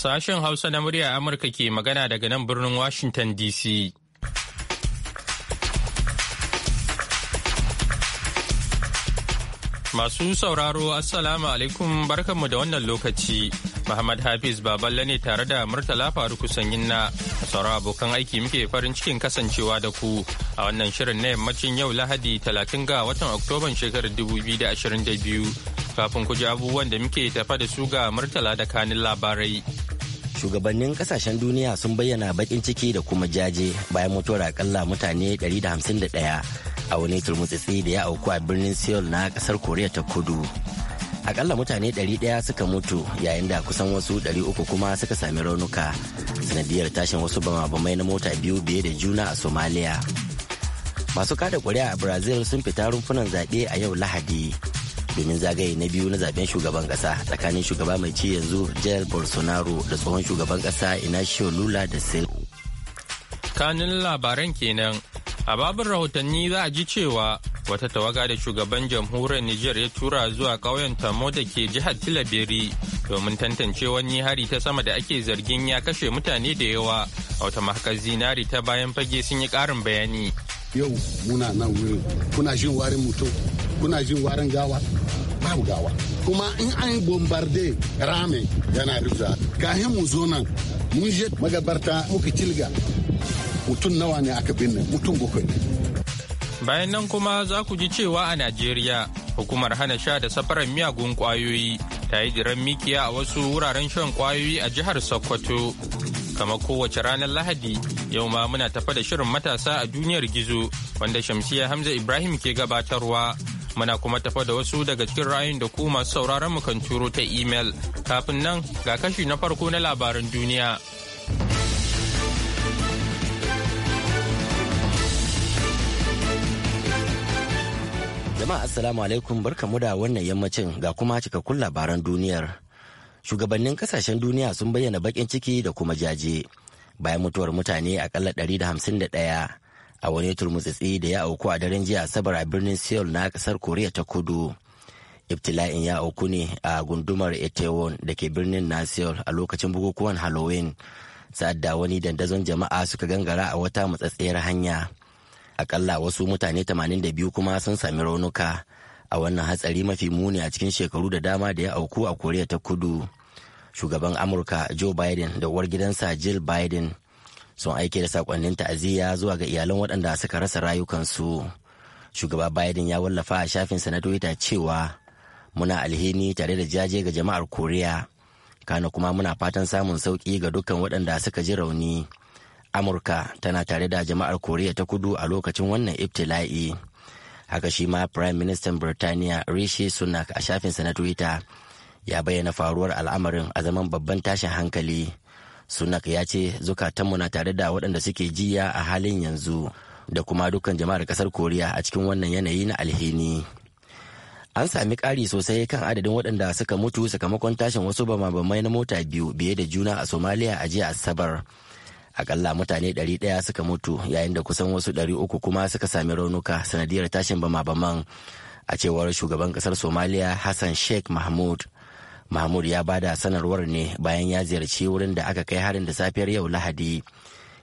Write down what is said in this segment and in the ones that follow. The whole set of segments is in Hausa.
Sashen Hausa na murya Amurka ke magana daga nan birnin Washington DC. Masu sauraro Assalamu alaikum barkanmu da wannan lokaci. Muhammad Hafiz Baballe ne tare da Murtala Faruku Sanyin na sauran abokan aiki muke farin cikin kasancewa da ku a wannan shirin na yammacin yau Lahadi 30 ga watan Oktoban shekarar 2022. Kafin ku ji abubuwan da muke tafa da su ga Murtala da kanin labarai. Shugabannin kasashen duniya sun bayyana bakin ciki da kuma jaje bayan mutuwar akalla mutane 151 a wani turmutsitsi da ya auku a birnin Seoul na kasar Koriya ta Kudu. akalla mutane 100 suka mutu yayin da kusan wasu 300 kuma suka sami raunuka sanadiyar tashin wasu bama-bamai na mota biyu biye da juna a somalia masu kada kuri'a a brazil sun fita rumfunan zaɓe a yau lahadi domin zagaye na biyu na zaben shugaban kasa tsakanin shugaba mai ci yanzu jair bolsonaro da tsohon shugaban kasa inacio lula da silva kanin labaran kenan a babin rahotanni za a ji cewa wata tawaga da shugaban jamhuriyar niger ya tura zuwa ƙauyen tamo da ke jihar tilaberi domin tantance wani hari ta sama da ake zargin ya kashe mutane da yawa a wata mahakar zinari ta bayan fage sun yi ƙarin bayani yau muna nan wurin kuna jin warin mutum kuna jin warin gawa babu gawa kuma in an bombarde rame yana rufa kahin mu zo nan mun je magabarta muka cilga mutum nawa ne aka binne mutum bakwai bayan nan kuma za ku ji cewa a najeriya hukumar hana sha da safarar miyagun kwayoyi ta yi jiran mikiya a wasu wuraren shan kwayoyi a jihar sokoto kama kowace ranar lahadi yau ma muna tafa da shirin matasa a duniyar gizo wanda shamsiya hamza ibrahim ke gabatarwa Muna kuma tafa da wasu daga cikin ra'ayin da ku masu sauraron mu kan turo ta email Kafin nan ga kashi na farko na labaran duniya. Jama'a Assalamu alaikum barkamu da wannan yammacin ga kuma cikakkun labaran duniyar. Shugabannin kasashen duniya sun bayyana bakin ciki da kuma jaje. bayan mutuwar mutane akalla 151 a wani turmutsitsi da ya auku a daren jiya asabar a birnin seoul na kasar koriya ta kudu ibtila'in ya auku ne a gundumar etewon da ke birnin na seoul a lokacin bukukuwan halloween sa'adda wani dandazon jama'a suka gangara a wata matsatsiyar hanya akalla wasu mutane 82 kuma sun sami raunuka a wannan hatsari mafi muni a cikin shekaru da dama da ya auku a koriya ta kudu shugaban amurka joe biden da uwar gidansa jill biden sun aike da sakonnin ta'aziyya zuwa ga iyalan waɗanda suka rasa rayukansu shugaba biden ya wallafa a shafinsa na twitter cewa muna alhini tare da jaje ga jama'ar koriya kana kuma muna fatan samun sauƙi ga dukkan waɗanda suka ji rauni amurka tana tare da jama'ar koriya ta kudu a lokacin wannan ibtila'i haka shi ma prime minister birtaniya rishi sunak a shafinsa na twitter ya bayyana faruwar al'amarin a zaman babban tashin hankali sunak ya ce zukatanmu na tare da waɗanda suke jiya a halin yanzu da kuma dukkan jama'ar ƙasar koriya a cikin wannan yanayi na alheni an sami ƙari sosai kan adadin waɗanda suka mutu sakamakon tashin wasu bamabamai na mota biyu biye da juna a somaliya a jiya asabar akalla mutane 100 suka mutu yayin da kusan wasu 300 kuma suka sami raunuka sanadiyar tashin bamabaman a cewar shugaban ƙasar somaliya hassan sheikh mahmud mahmud ya ba da sanarwar ne bayan ya ziyarci wurin da aka kai harin da safiyar yau lahadi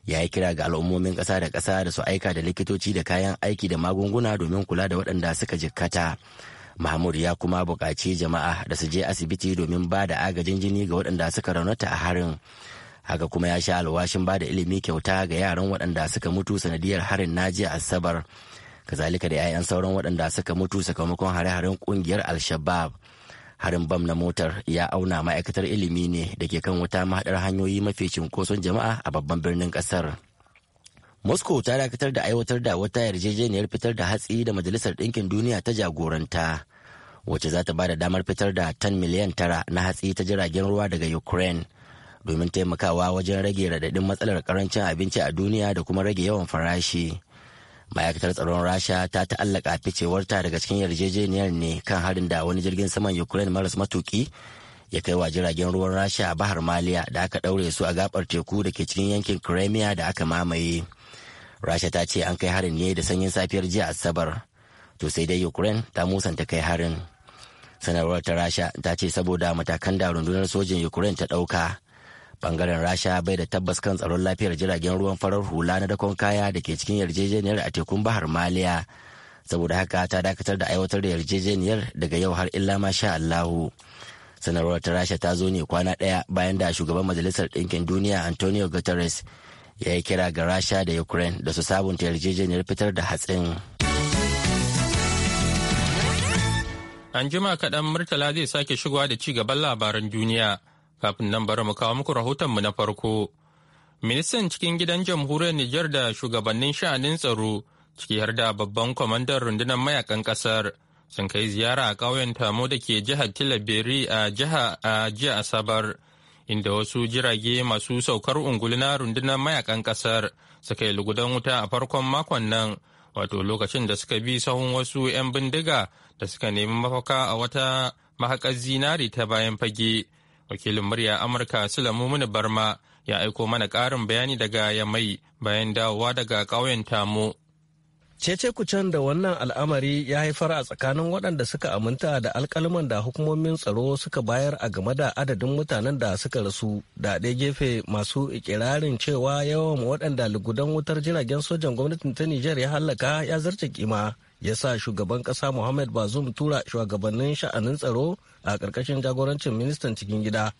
ya yi kira ga al'ummomin ƙasa da kasa da su aika da likitoci da kayan aiki da magunguna domin kula da waɗanda suka jikkata. Mahmud ya kuma buƙaci jama'a da su je asibiti domin ba da agajin jini ga waɗanda suka raunata a harin. Haka kuma ya sha alwashin ba da ilimi kyauta ga yaran waɗanda suka mutu sanadiyar harin na Asabar. Kazalika da 'ya'yan sauran waɗanda suka mutu sakamakon hare-haren ƙungiyar Al-Shabaab. harin bam na motar ya auna ma'aikatar ilimi ne da ke kan wata mahaɗar hanyoyi mafi cunkoson jama'a a babban birnin ƙasar moscow ta dakatar da aiwatar da wata yarjejeniyar fitar da hatsi da majalisar ɗinkin duniya ta jagoranta wacce za ta ba da damar fitar da tan miliyan tara na hatsi ta jiragen ruwa daga ukraine domin taimakawa wajen rage raɗaɗin matsalar karancin abinci a duniya da kuma rage yawan farashi ma'aikatar tsaron rasha ta ta'allaka ficewarta daga cikin yarjejeniyar ne kan harin da wani jirgin saman ukraine maras matuki ya kai wa jiragen ruwan rasha a bahar maliya da aka ɗaure su a gabar teku da ke cikin yankin crimea da aka mamaye rasha ta ce an kai harin ne da sanyin safiyar jiya asabar to sai dai ukraine ta musanta kai harin sanarwar ta rasha ta ce saboda matakan da rundunar sojin ukraine ta ɗauka bangaren rasha bai da tabbas kan tsaron lafiyar jiragen ruwan farar hula na dakon kaya da ke cikin yarjejeniyar a tekun bahar maliya saboda haka ta dakatar da aiwatar da yarjejeniyar daga yau har illa ma sha allahu sanarwar ta rasha ta zo ne kwana ɗaya bayan da shugaban majalisar ɗinkin duniya antonio guterres ya yi kira ga rasha da ukraine da su sabunta yarjejeniyar fitar da hatsin an jima kaɗan murtala zai sake shigowa da ci gaban labaran duniya Kafin nan bari mu kawo muku rahoton mu na farko. Ministan cikin gidan jamhuriyar Nijar da shugabannin sha'anin tsaro ciki har da babban kwamandan rundunar mayakan ƙasar sun kai ziyara a ƙauyen Tamo da ke jihar Tilaberi a jiha a jiya Asabar. inda wasu jirage masu saukar unguluna rundunar mayakan kasar suka yi lugudan wuta a farkon makon nan wato lokacin da suka bi sahun wasu 'yan bindiga da suka nemi mafaka a wata mahakar zinari ta bayan fage wakilin murya amurka sulamu muni barma ya aiko mana karin bayani daga yamai bayan dawowa daga ƙauyen tamu cece can da wannan al'amari ya haifar a tsakanin waɗanda suka aminta da alkalaman da hukumomin tsaro suka bayar a game da adadin mutanen da suka rasu da ɗaya gefe masu ikirarin cewa yawan waɗanda lugudan wutar jiragen sojan gwamnatin ta nijar ya hallaka ya zarce kima ya sa shugaban ƙasa Muhammad Bazoum tura shugabannin sha'anin tsaro a ƙarƙashin jagorancin ministan cikin gida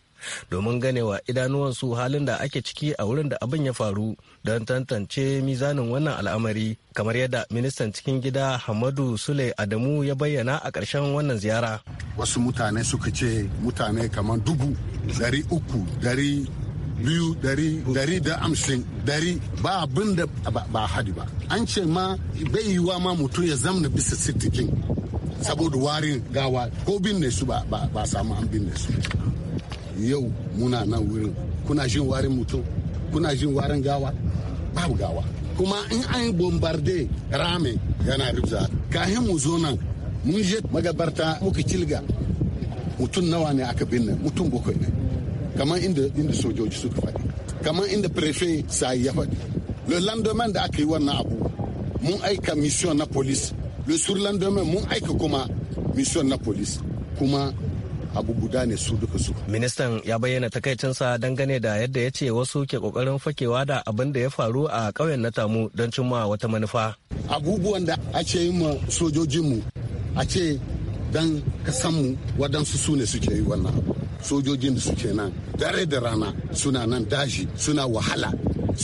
domin ganewa idanuwansu halin da ake ciki a wurin da abin ya faru don tantance mizanin wannan al'amari kamar yadda ministan cikin gida Hamadu Sule Adamu ya bayyana a ƙarshen wannan ziyara. Wasu mutane suka ce mutane kamar dubu, dari uku, dari biyu dari dari da amsin dari ba abin da ba hadi ba an ce ma bai yiwa ma mutum ya zamna bisa sittikin saboda warin gawa ko binne su ba samu an binne su yau muna nan wurin kuna jin warin mutum kuna jin warin gawa babu gawa kuma in an yi bombarde rame yana ribza kahin mu zo nan mun je magabarta muka kilga mutum nawa ne aka binne mutum bakwai ne kamar inda inda sojoji suka faɗi kamar inda prefe sai ya faɗi le lendemain da aka yi wannan abu mun aika mission na police le sur lendemain mun aika kuma mission na police kuma abu guda ne su duka su. Ministan ya bayyana takaicinsa dangane da yadda ya ce wasu ke kokarin fakewa da abin da ya faru a ƙauyen na tamu don cimma wata manufa. Abubuwan da a ce yi ma sojojinmu a ce dan kasanmu waɗansu su ne suke yi wannan sojojin da suke nan dare da rana suna nan daji suna wahala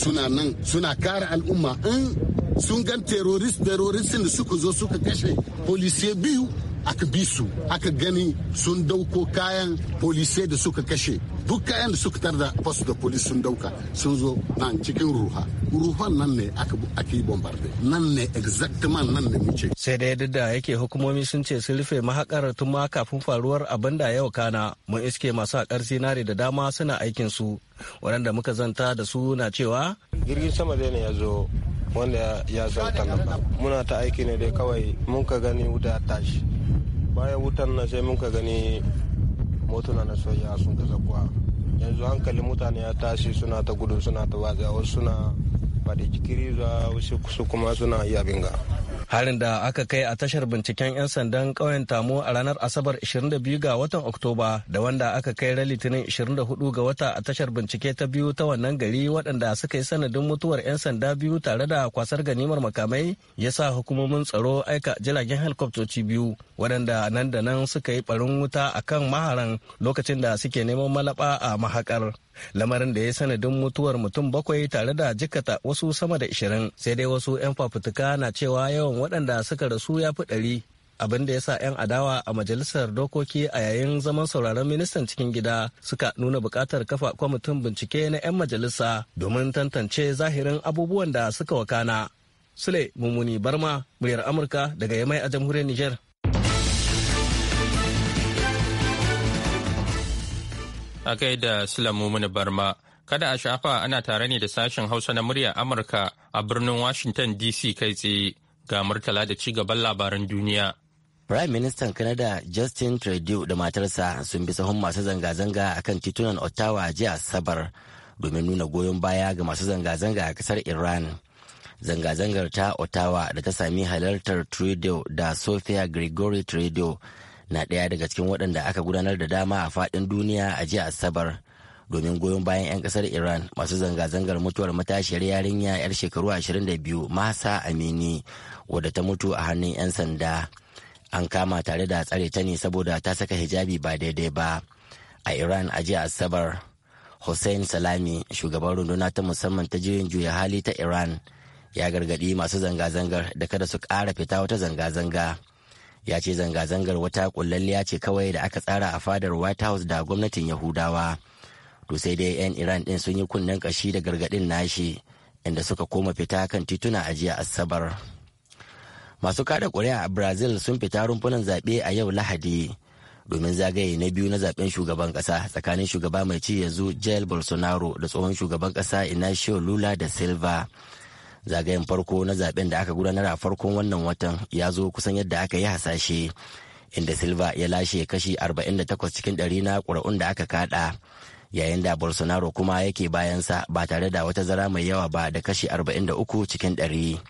suna nan suna kare al'umma in sun gan terrorist terroristin da suka zo suka kashe polisiye biyu aka bi su aka gani sun dauko kayan polisiye da suka kashe duk yan suka tar da fasu da polis sun dauka sun zo nan cikin ruha ruhan nan ne aka yi bombarde nan ne exactement nan ne muke sai da yadda da yake hukumomi sun ce sun rufe mahakar tun ma kafin faruwar abin da yau kana mun iske masu haƙar zinare da dama suna aikin su waɗanda muka zanta da su na cewa jirgin sama dai ne ya zo wanda ya zanta nan muna ta aiki ne dai kawai mun ka gani wuta tashi bayan wutan na sai mun ka gani motuna na soyayya sun ta zakuwa yanzu hankalin mutane ya tashi suna ta gudu suna ta watsa wasu suna faɗi jikiri za wasu kuma suna iya binga harin da aka kai a tashar binciken 'yan sandan ƙauyen tamu a ranar asabar 22 ga watan oktoba da wanda aka kai ran litinin 24 ga wata a tashar bincike ta biyu ta wannan gari waɗanda suka yi sanadin mutuwar 'yan sanda biyu tare da kwasar ganimar makamai ya sa hukumomin tsaro aika jiragen helikwaftoci biyu waɗanda nan da nan suka yi barin wuta akan maharan lokacin da suke neman malaba a mahakar lamarin da ya sanadin mutuwar mutum bakwai tare da jikata wasu sama da ishirin sai dai wasu 'yan fafutuka na cewa yawan waɗanda suka rasu ya fi ɗari abin da ya sa 'yan adawa a majalisar dokoki a yayin zaman sauraron ministan cikin gida suka nuna buƙatar kafa kwamitin bincike na 'yan majalisa domin tantance zahirin abubuwan da suka wakana sule mummuni barma muryar amurka daga yamai a jamhuriyar niger gaida Sulamu Barma, kada a shafa ana tare ne da sashen Hausa na murya Amurka a birnin Washington DC kai tsaye ga Murtala da ci gaban labaran duniya. Prime Minister Canada Justin Trudeau da matarsa sun bi sahun masu zanga-zanga a kan titunan Ottawa jiya Sabar domin nuna goyon baya ga masu zanga-zanga a kasar Iran. Zanga-zangar ta Ottawa da ta sami halartar Trudeau da Sophia Gregory Trudeau na daya daga cikin waɗanda aka gudanar da dama a faɗin duniya a jiya asabar domin goyon bayan 'yan ƙasar iran masu zanga-zangar mutuwar matashiyar yarinya 'yar shekaru 22 masa amini wadda ta mutu a hannun 'yan sanda an kama tare da tsare ta ne saboda ta saka hijabi ba daidai ba a iran a jiya asabar hussein salami shugaban runduna ta musamman ta juyin juya hali ta iran ya gargadi masu zanga-zangar da kada su ƙara fita wata zanga-zanga. ya ce zanga-zangar wata kullalliya ce kawai da aka tsara a fadar white house da gwamnatin yahudawa to sai dai 'yan iran din sun yi kunnen kashi da gargadin nashi inda suka koma fita kan tituna a jiya asabar masu kada kuri'a a brazil sun fita rumfunan zaɓe a yau lahadi domin zagaye na biyu na zaben shugaban kasa tsakanin shugaba mai ci yanzu jail bolsonaro da tsohon shugaban kasa inacio lula da silva zagayen farko na zaben da aka gudanar a farkon wannan watan ya zo kusan yadda aka yi hasashe inda silva ya lashe kashi 48 cikin ɗari na ƙuri'un da aka kada yayin da bolsonaro kuma yake bayansa ba tare da wata zara mai yawa ba da kashi 43 cikin ɗari.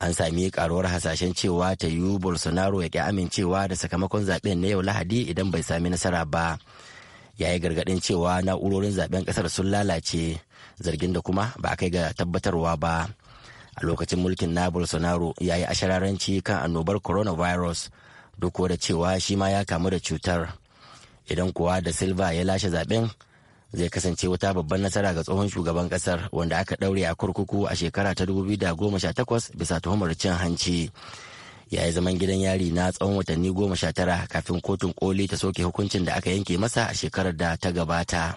an sami karuwar hasashen cewa ta yi bolsonaro ya ki amincewa da sakamakon zaben na yau lahadi idan bai sami nasara ba ya yi gargaɗin cewa na'urorin zaben ƙasar sun lalace zargin da kuma ba a kai ga tabbatarwa ba a lokacin mulkin na bolsonaro ya yi ashararanci kan annobar coronavirus duk da cewa shi ma ya kamu da cutar idan kuwa da silva ya lashe zaben zai kasance wata babban nasara ga tsohon shugaban kasar wanda aka daure a kurkuku a shekara ta 2018 bisa tuhumar cin hanci ya yi zaman gidan yari na tsawon watanni 19 kafin kotun koli ta soke hukuncin da aka yanke masa a shekarar da ta gabata.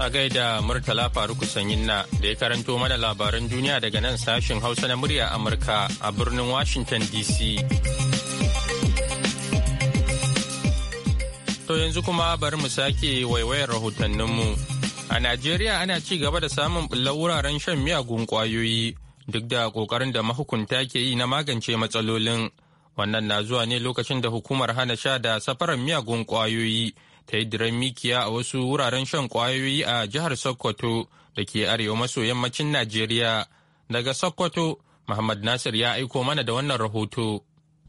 A gaida Murtala Faruku na da ya karanto mana labaran duniya daga nan sashen Hausa na murya Amurka a birnin Washington DC. To yanzu kuma bari mu sake waiwayar rahotanninmu. A Najeriya ana ci gaba da samun bullar wuraren shan miyagun kwayoyi duk da kokarin da mahukunta ke yi na magance matsalolin. Wannan na zuwa ne lokacin da hukumar hana sha da safarar miyagun kwayoyi. ta yi diren mikiya a wasu wuraren shan kwayoyi a jihar Sokoto da ke arewa maso yammacin Najeriya. Daga Sokoto, Muhammad Nasir ya aiko mana da wannan rahoto.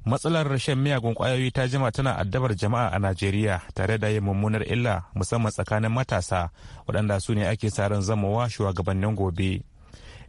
Matsalar rashin miyagun kwayoyi ta jima tana addabar jama'a a Najeriya tare da yin mummunar illa musamman tsakanin matasa waɗanda su ne ake sa ran zamowa shugabannin gobe.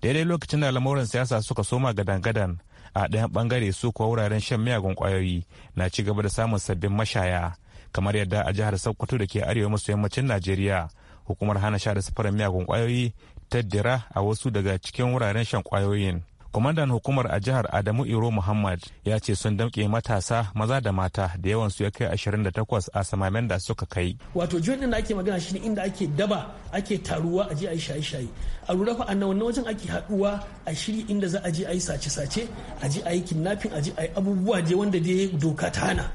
Daidai lokacin da lamurin siyasa suka soma gadan-gadan a ɗayan ɓangare su kuwa wuraren shan miyagun kwayoyi na ci gaba da samun sabbin mashaya kamar yadda a jihar sokoto da ke arewa maso yammacin najeriya hukumar hana sha da safarar miyagun kwayoyi ta dira a wasu daga cikin wuraren shan kwayoyin kwamandan hukumar a jihar adamu iro muhammad ya ce sun damƙe matasa maza da mata da yawan su ya kai 28 a samamen da suka kai wato jiyon din da ake magana shine inda ake daba ake taruwa a je a yi shaye-shaye a lura fa annan wannan wajen ake haduwa a shiri inda za a je a yi sace-sace a je a yi kidnapping a je a yi abubuwa je wanda dai doka ta hana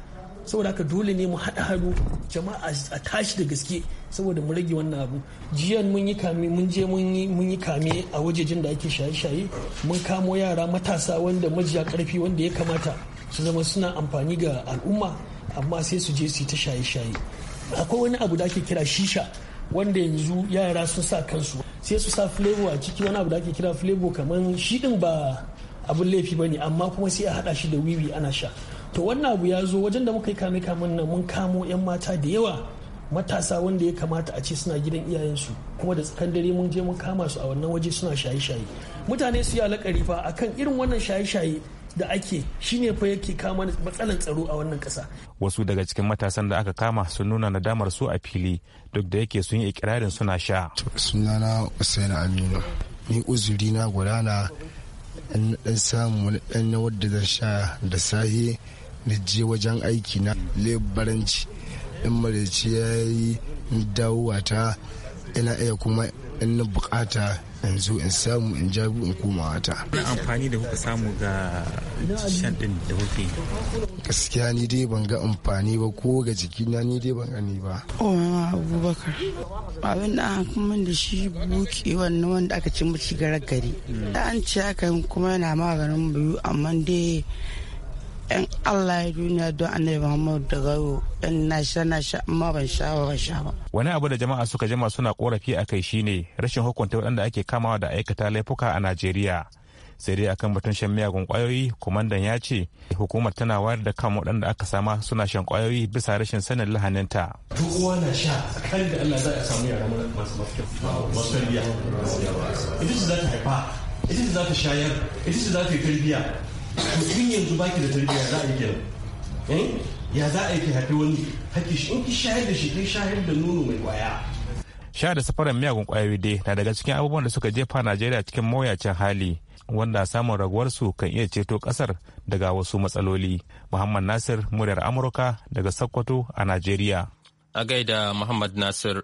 saboda haka dole ne mu haɗa hannu jama'a a tashi da gaske saboda mu rage wannan abu jiyan mun yi kame mun je mun yi kame a wajejin da ake shaye-shaye mun kamo yara matasa wanda majiya karfi wanda ya kamata su zama suna amfani ga al'umma amma sai su je su yi ta shaye-shaye akwai wani abu da ake kira shisha wanda yanzu yara sun sa kansu sai su sa flavor a ciki wani abu da ake kira flavor kamar shi din ba abun laifi ba ne amma kuma sai a haɗa shi da wiwi ana sha to wannan abu ya zo wajen da muka yi kame kamun nan mun kamo 'yan mata da yawa matasa wanda ya kamata a ce suna gidan iyayensu kuma da tsakan dare mun je mun kama su a wannan waje suna shaye-shaye mutane su yi alakari fa akan irin wannan shaye-shaye da ake shine fa yake kama matsalan tsaro a wannan kasa wasu daga cikin matasan da aka kama sun nuna nadamar su a fili duk da yake sun yi ikirarin suna sha sunana usaina aminu ni uzuri na gudana dan samu wani dan wadda zan sha da sahi na je wajen aiki na lebaranci in marici ya yi dawowata ina iya kuma in na bukata in zo in samu in jabu in koma wata. amfani da kuka samu ga shan din da kuke gaskiya ni dai ban ga amfani ba ko ga jiki na ni dai ban gani ba o mama abubakar abin da an kuma da shi buke wannan wanda aka ci mace gare gari da an ci aka kuma yana maganin biyu amma dai 'yan Allah ya duniya don annabi Muhammadu da gayo dan na sha na sha amma ban sha ba ban sha ba. Wani abu da jama'a suka jima suna korafi a kai shine rashin hukunta waɗanda ake kamawa da aikata laifuka a Najeriya. Sai dai akan batun shan miyagun kwayoyi, Kumandan ya ce hukumar tana wayar da kan waɗanda aka sama suna shan kwayoyi bisa rashin sanin lahaninta. Duk uwa na sha kan da Allah za a samu yara masu masu tarbiyya. Ita ce za ta haifa, ita ce za ta shayar, ita ce za ta yi tarbiyya. to in yanzu baki da tarbiyya za a yi kenan eh? ya za a yi ki haifi wani haƙi shi in ki shayar da shi kai shayar da nono mai kwaya sha da safaran miyagun kwayoyi dai na daga cikin abubuwan da suka jefa najeriya cikin mawuyacin hali wanda samun raguwarsu kan iya ceto kasar daga wasu matsaloli muhammad nasir muryar amurka daga sokoto a najeriya a gaida muhammad nasir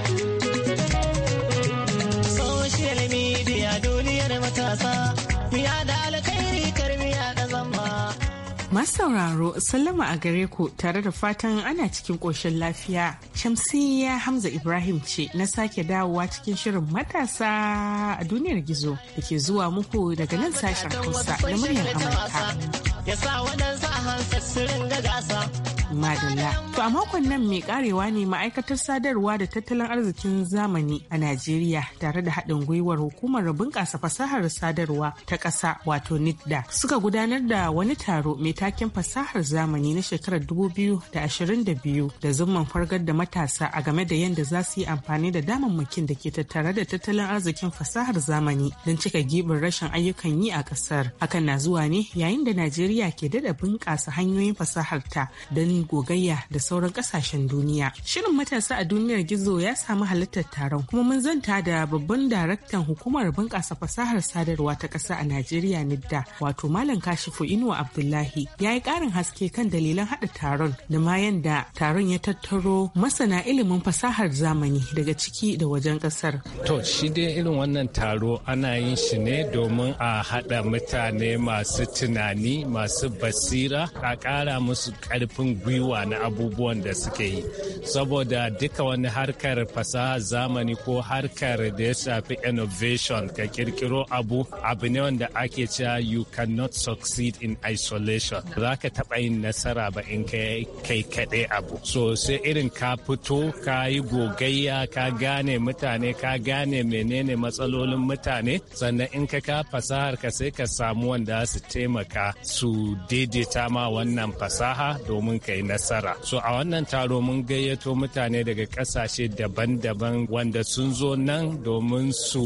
Masu sauraro sallama a gare ku tare da fatan ana cikin ƙoshin lafiya. Shamsiyya Hamza Ibrahim ce na sake dawowa cikin shirin matasa a duniyar gizo da ke zuwa muku daga nan sashen Hausa na muryar Amurka. Ya sa a gasa. Madalla. To a makon nan mai karewa ne ma'aikatar sadarwa da tattalin arzikin zamani a Najeriya tare da haɗin gwiwar hukumar bunƙasa fasahar sadarwa ta ƙasa wato NITDA suka gudanar da wani taro mai taken fasahar zamani na shekarar 2022 da zumman fargar da matasa a game da yadda za su yi amfani da damammakin da ke tattare da tattalin arzikin fasahar zamani don cika gibin rashin ayyukan yi a ƙasar. Hakan na zuwa ne yayin da Najeriya ke dada bunƙasa hanyoyin fasaharta ta don gogayya da sauran kasashen duniya. Shirin matasa a duniyar gizo ya samu halittar taron kuma mun zanta da babban daraktan hukumar bunƙasa fasahar sadarwa ta ƙasa a Najeriya Nidda wato Malam Kashifu Inuwa Abdullahi ya yi ƙarin haske kan dalilan haɗa taron da ma yanda taron ya tattaro masana ilimin fasahar zamani daga ciki da wajen ƙasar. To shi dai irin wannan taro ana yin shi ne domin a haɗa mutane masu tunani masu basira a ƙara musu ƙarfin gwiwa na abubuwan da suke yi saboda duka wani harkar fasaha zamani ko harkar da ya shafi innovation ka kirkiro abu abu ne wanda ake cewa you cannot succeed in isolation za ka taɓa yin nasara ba in kai kaɗe abu so sai irin ka fito ka yi gogayya ka gane mutane ka gane menene matsalolin mutane sannan in ka ka fasahar ka sai ka samu wanda su taimaka su daidaita ma wannan fasaha domin ka yi yi nasara so a wannan taro mun gayyato mutane daga kasashe daban-daban wanda sun zo nan domin su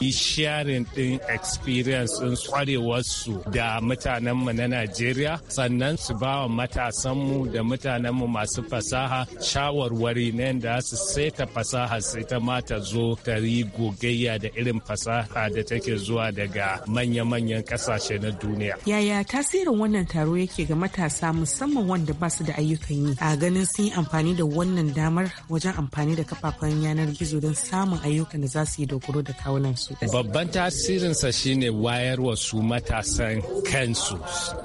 yi sharing din experience din kwarewarsu da mutanenmu na najeriya sannan su bawa wa matasanmu da mutanenmu masu fasaha shawarwari na yadda su saita fasaha sai ta mata zo ta yi gogayya da irin fasaha da take zuwa daga manya-manyan kasashe na duniya yaya tasirin wannan taro yake ga matasa musamman wanda ba su da ayyukan yi a ganin sun yi amfani da wannan damar wajen amfani da kafafen yanar gizo don samun ayyukan da za su yi dogaro da kawunan su babban tasirinsa shine wayarwa su matasan kansu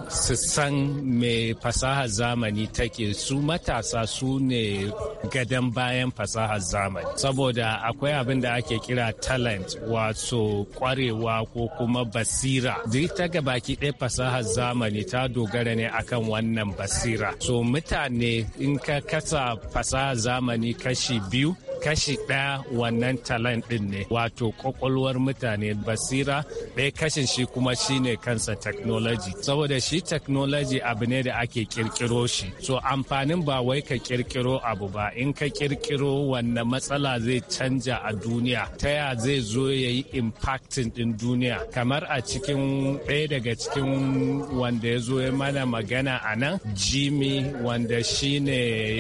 su san me fasahar zamani take su matasa su ne gadon bayan fasahar zamani saboda akwai abin da ake kira talent wato kwarewa ko kuma basira duk ta gabaki ɗaya fasahar zamani ta dogara ne akan wannan basira so mutane in ka kasa fasahar zamani kashi biyu kashi ɗaya wannan talent ɗin ne wato kwakwalwar mutane basira ɗaya kashin shi kuma shine kansa technology saboda shi technology abu ne da ake kirkiro shi so amfanin ba wai ka kirkiro abu ba in ka kirkiro wannan matsala zai canja a duniya ta ya zai zo ya yi impacting ɗin duniya kamar a cikin ɗaya daga cikin wanda ya zo ya mana magana a nan jimmy wanda shine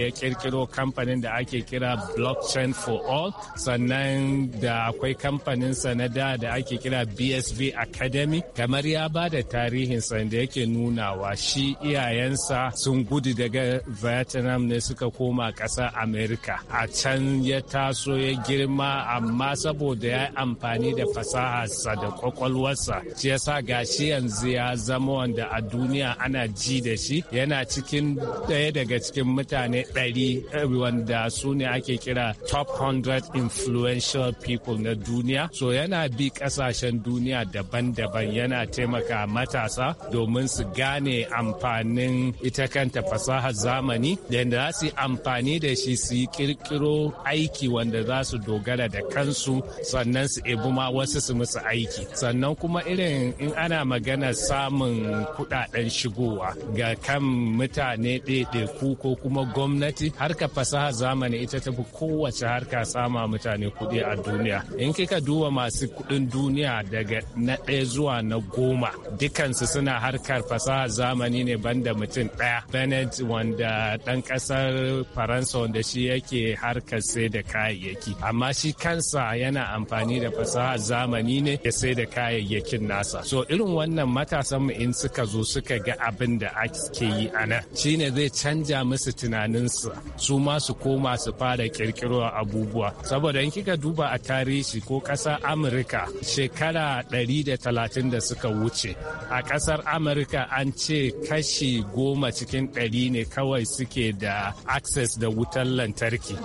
ya kirkiro kamfanin da ake kira blockchain one for all sannan da akwai kamfanin sanada da ake kira bsv academy kamar ya ba da tarihin da yake nunawa shi iyayensa sun gudu daga vietnam ne suka koma ƙasar america a can ya taso ya girma amma saboda ya amfani da fasaharsa da kwakwalwarsa shi yasa gashi yanzu ya zama wanda a duniya ana ji da shi yana cikin ɗaya daga cikin mutane ɗari eh, wanda su ne ake kira top top 100 influential people na duniya. So yana bi kasashen duniya daban-daban yana taimaka matasa domin su gane amfanin ita kanta fasahar zamani da za su amfani da shi su yi kirkiro aiki wanda za su dogara da kansu sannan su ebu ma wasu su musu aiki. Sannan kuma irin in ana magana samun kudaden shigowa ga kan mutane ɗaiɗaiku ko kuma gwamnati harka fasahar zamani ita tafi kowace har ka sama mutane kuɗi a duniya in kika duba masu kuɗin duniya daga na ɗaya zuwa na goma dukansu suna harkar fasaha zamani ne banda mutum ɗaya Benet wanda ɗan ƙasar faransa wanda shi yake harkar sai da kayayyaki amma shi kansa yana amfani da fasaha zamani ne ya sai da kayayyakin nasa so irin wannan matasan mu in suka zo suka ga abin da ake yi a nan shine zai canja musu tunaninsu su ma su koma su fara kirkiro abubuwa saboda in kika duba a tarihi ko ƙasar amurka shekara 130 da suka wuce a ƙasar amurka an ce kashi goma cikin 100 ne kawai suke da access da wutar lantarki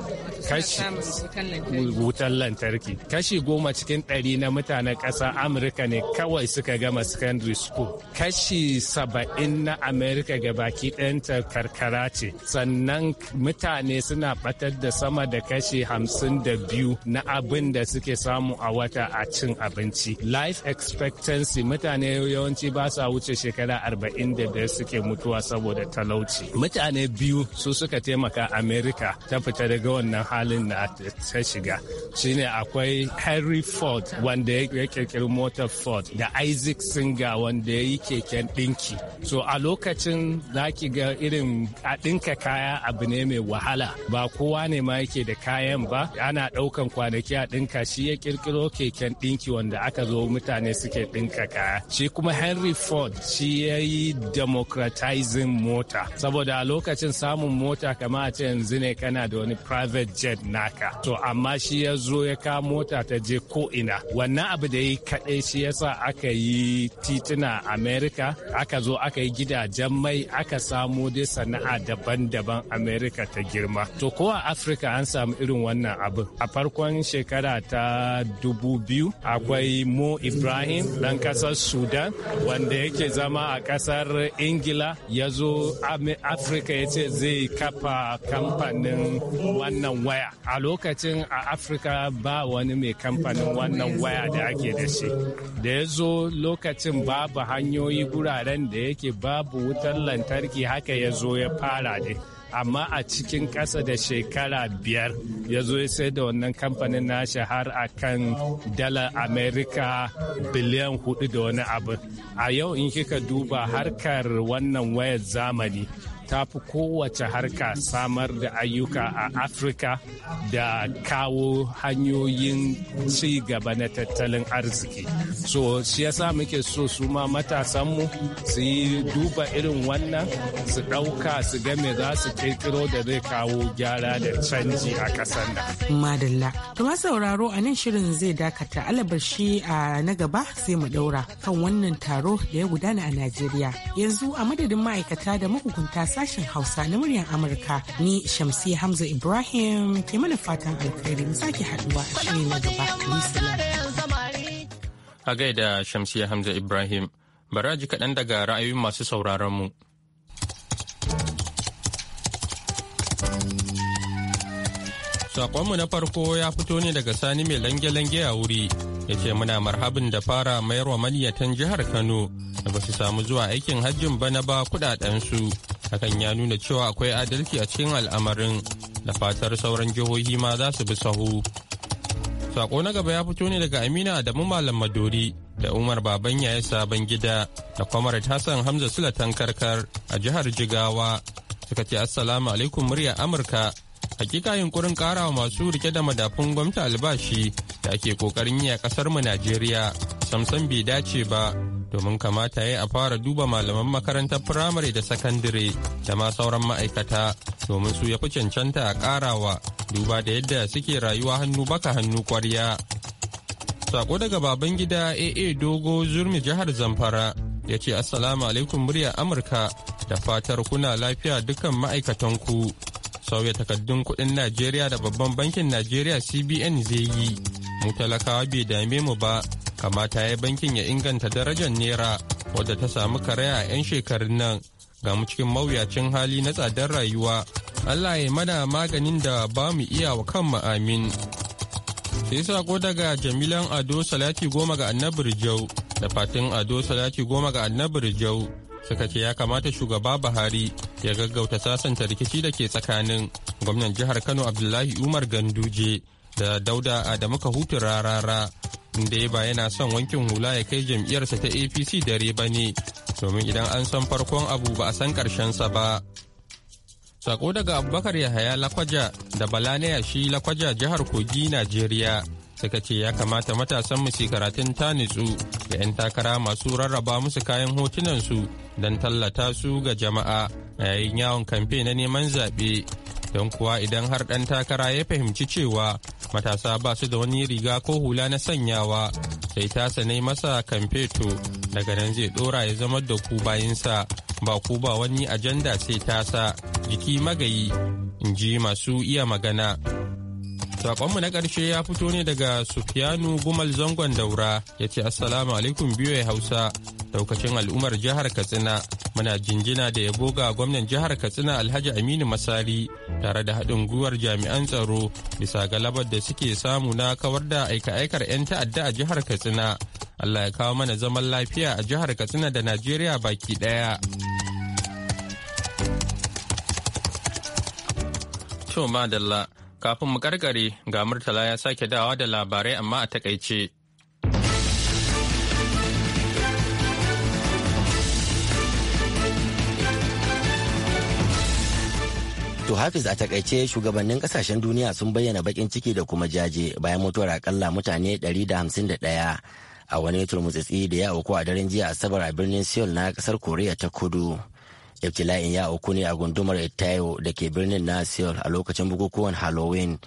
kashi lantarki kashi goma cikin ɗari na mutanen ƙasar amurka ne kawai suka gama secondary school kashi saba'in na ga baki ɗayanta karkara ce sannan mutane suna batar da sama da kashi hamsin da biyu na abin da suke samu a wata a cin abinci life expectancy mutane yawanci ba sa wuce shekara arba'in da biyar suke mutuwa saboda talauci mutane biyu su suka taimaka Amerika ta fita daga wannan halin da ta shiga shine akwai henry ford wanda ya kirkiri motar ford da isaac singer wanda ya yi keken ɗinki, so a lokacin za ki ga irin a dinka kaya abu ne mai wahala ba kowa ne ma yake da kaya kayan ba ana ɗaukan kwanaki a ɗinka shi ya ƙirƙiro keken ɗinki wanda aka zo mutane suke ɗinka kaya shi kuma henry ford shi ya yi democratizing mota saboda a lokacin samun mota kama a ce yanzu ne kana da wani private jet naka to amma shi ya zo ya ka mota ta je ko ina wannan abu da yi kaɗai shi ya sa aka yi tituna america aka zo aka yi gidajen mai aka samo dai sana'a daban-daban america ta girma to ko a afirka an samu irin irin wannan abin a farkon shekara ta dubu biyu akwai mo ibrahim dan kasar sudan wanda yake zama a kasar ingila ya zo afirka ya ce zai kafa kamfanin wannan waya a lokacin a afirka ba wani mai kamfanin wannan waya da ake da shi da ya zo lokacin babu hanyoyi guraren da yake babu wutar lantarki haka ya zo ya fara dai amma a cikin ƙasa da shekara biyar ya zo ya sai da wannan kamfanin nashi har a kan dala amerika biliyan hudu da wani abu a yau in kika duba harkar wannan wayar zamani ta fi kowace harka samar da ayyuka a afirka da kawo hanyoyin ci gaba na tattalin arziki so shi yasa muke so su ma matasanmu su yi duba irin wannan su ɗauka su game za su kirkiro da zai kawo gyara da canji a ƙasar nan. madalla to sauraro a nan shirin zai dakata shi a na gaba sai mu ɗaura kan wannan taro da ya gudana a najeriya yanzu a madadin ma'aikata da mahukunta sa sashen Hausa na muryar Amurka. Ni Shamsi Hamza Ibrahim ke mana fatan alkhairi mu sake haduwa a shiri na gaba. A gaida Shamsi Hamza Ibrahim, baraji kaɗan daga ra'ayoyin masu sauraron mu. Sakonmu na farko ya fito ne daga sani mai lange-lange a wuri ya ce muna marhabin da fara mayar wa maniyatan jihar Kano da ba su samu zuwa aikin hajjin ba na ba su. hakan ya nuna cewa akwai adalci a cikin al'amarin da fatar sauran jihohi ma za su bi sahu sako na gaba ya fito ne daga amina adamu malam madori da umar baban yaya sabon gida da kwamar hassan hamza sulatan karkar a jihar jigawa suka ce assalamu alaikum murya amurka hakika yunkurin karawa masu rike da madafun gwamta albashi da ake kokarin yi a kasar mu najeriya samsan bai dace ba domin kamata ya a fara duba malaman makarantar firamare da sakandare da ma sauran ma'aikata domin su ya fi cancanta a karawa duba da yadda suke rayuwa hannu baka hannu kwarya. Sako daga baban gida AA Dogo Zurmi jihar Zamfara ya ce Assalamu alaikum murya Amurka da fatar kuna lafiya dukkan ma'aikatanku. Sauya takaddun kuɗin Najeriya da babban bankin Najeriya CBN zai yi mu talakawa bai dame mu ba kamata ya bankin ya inganta darajar nera wadda ta samu karaya a 'yan shekarun nan ga mu cikin mawuyacin hali na tsadar rayuwa allah ya mana maganin da ba mu iya wa kanmu amin sai sako daga jamilan ado salati goma ga Annabir jau da fatin ado salati goma ga Annabir jau suka ce ya kamata shugaba buhari ya gaggauta sasanta rikici da ke tsakanin gwamnan jihar kano abdullahi umar ganduje da dauda da muka hutu rarara inda ba yana son wankin hula ya kai jam'iyyarsa ta apc dare ba ne domin idan an san farkon abu ba a san sa ba sako daga abubakar yahaya lakwaja da bala shi yashi lakwaja jihar kogi najeriya suka ce ya kamata matasan mu karatun ta nutsu da 'yan takara masu rarraba musu kayan hotunan su. don tallata su ga jama'a a yayin yawon kamfe na neman zaɓe don kuwa idan har ɗan takara ya fahimci cewa matasa ba su da wani riga ko hula na sanyawa sai ta sanai masa kamfe to daga nan zai ɗora ya zama da ku bayansa ba ku ba wani ajanda sai tasa jiki magayi in ji masu iya magana Sakonmu na ƙarshe ya fito ne daga Sufiyanu Gumal Zangon Daura ya ce Assalamu alaikum ya Hausa daukacin al'ummar jihar katsina muna jinjina da yabo ga gwamnan jihar katsina alhaji aminu masari tare da haɗin gwiwar jami'an tsaro bisa galabar da suke samu na kawar da aika-aikar 'yan ta'adda a jihar katsina allah ya kawo mana zaman lafiya a jihar katsina da najeriya baki ɗaya to kafin mu karkare ga murtala ya sake dawa da labarai amma a takaice To Hafiz a takaice shugabannin kasashen duniya sun bayyana bakin ciki da kuma jaje bayan mutuwar akalla mutane 151 a wani turmutsitsi da ya auku a daren jiya asabar a birnin Seoul na kasar Koriya ta Kudu. Ibtila'in ya auku ne a gundumar Itayo da ke birnin na Seoul a lokacin bukukuwan Halloween.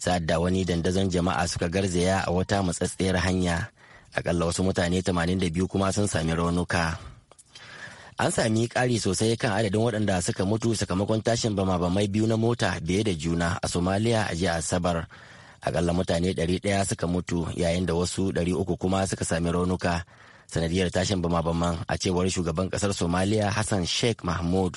Sa'ad da wani dandazon jama'a suka garzaya a wata matsatsiyar hanya. Akalla wasu mutane 82 kuma sun sami raunuka. an sami kari sosai kan adadin waɗanda suka mutu sakamakon tashin bama-bamai biyu na mota biye da juna a somaliya a jiya asabar akalla mutane 100 suka mutu yayin da wasu 300 kuma suka sami raunuka sanadiyar tashin bama-baman a cewar shugaban kasar somaliya hassan sheikh mahmud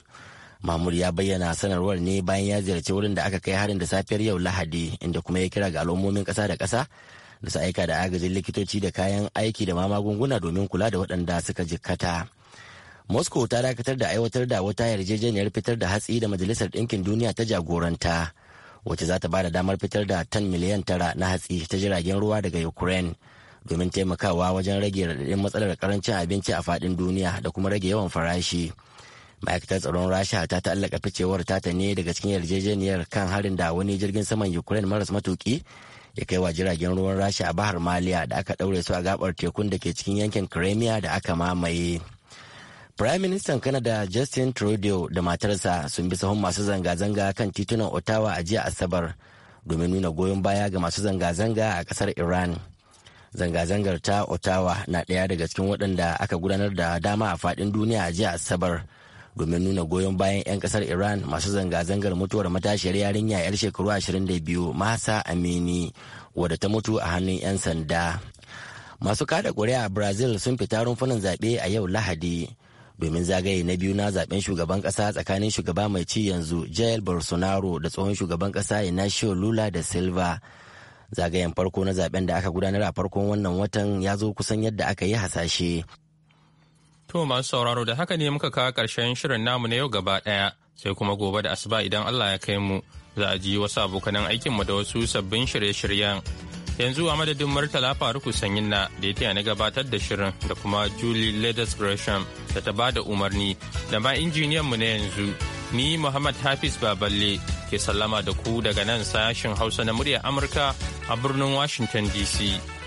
mahmud ya bayyana sanarwar ne bayan ya ziyarci wurin da aka kai harin da safiyar yau lahadi inda kuma ya kira ga al'ummomin kasa da kasa da su aika da agajin likitoci da kayan aiki da ma magunguna domin kula da waɗanda suka jikkata. moscow ta dakatar da aiwatar da wata yarjejeniyar fitar da hatsi da majalisar ɗinkin duniya ta jagoranta wacce za ta ba da damar fitar da tan miliyan tara na hatsi ta jiragen ruwa daga ukraine domin taimakawa wajen rage raɗaɗin matsalar karancin abinci a faɗin duniya da kuma rage yawan farashi ma'aikatar tsaron rasha ta ta'allaka ficewar tata ne daga cikin yarjejeniyar kan harin da wani jirgin saman ukraine maras matuki ya kai wa jiragen ruwan rasha a bahar maliya da aka ɗaure su a gabar tekun da ke cikin yankin crimea da aka mamaye Prime Minister Canada Justin Trudeau da matarsa sun bi sahun masu zanga-zanga kan titunan Ottawa a jiya Asabar domin nuna goyon baya ga masu zanga-zanga a kasar Iran. Zanga-zangar ta Ottawa na ɗaya daga cikin waɗanda aka gudanar da dama a faɗin duniya a jiya Asabar domin nuna goyon bayan 'yan kasar Iran masu zanga-zangar mutuwar matashiyar yarinya 'yar shekaru 22 Masa Amini wadda ta mutu a hannun 'yan sanda. Masu kada ƙuri'a a Brazil sun fita rumfunan zaɓe a yau Lahadi. domin zagaye na biyu na zaben shugaban kasa tsakanin shugaba mai ci yanzu jair bolsonaro da tsohon shugaban kasa inacio lula da silva zagayen farko na zaben da aka gudanar a farkon wannan watan ya zo kusan yadda aka yi hasashe to masu sauraro da haka ne muka kawo karshen shirin namu na yau gaba daya sai kuma gobe da asuba idan allah ya kai mu za a ji wasu abokanan aikinmu da wasu sabbin shirye-shiryen yanzu a madadin Murtala Faruku Sanyin na da ya taya na gabatar da shirin da kuma Julie Ledes Gresham da ta ba da umarni da ma injiniyan mu na yanzu ni Muhammad Hafiz Baballe ke sallama da ku daga nan sashen Hausa na muryar Amurka a birnin Washington DC.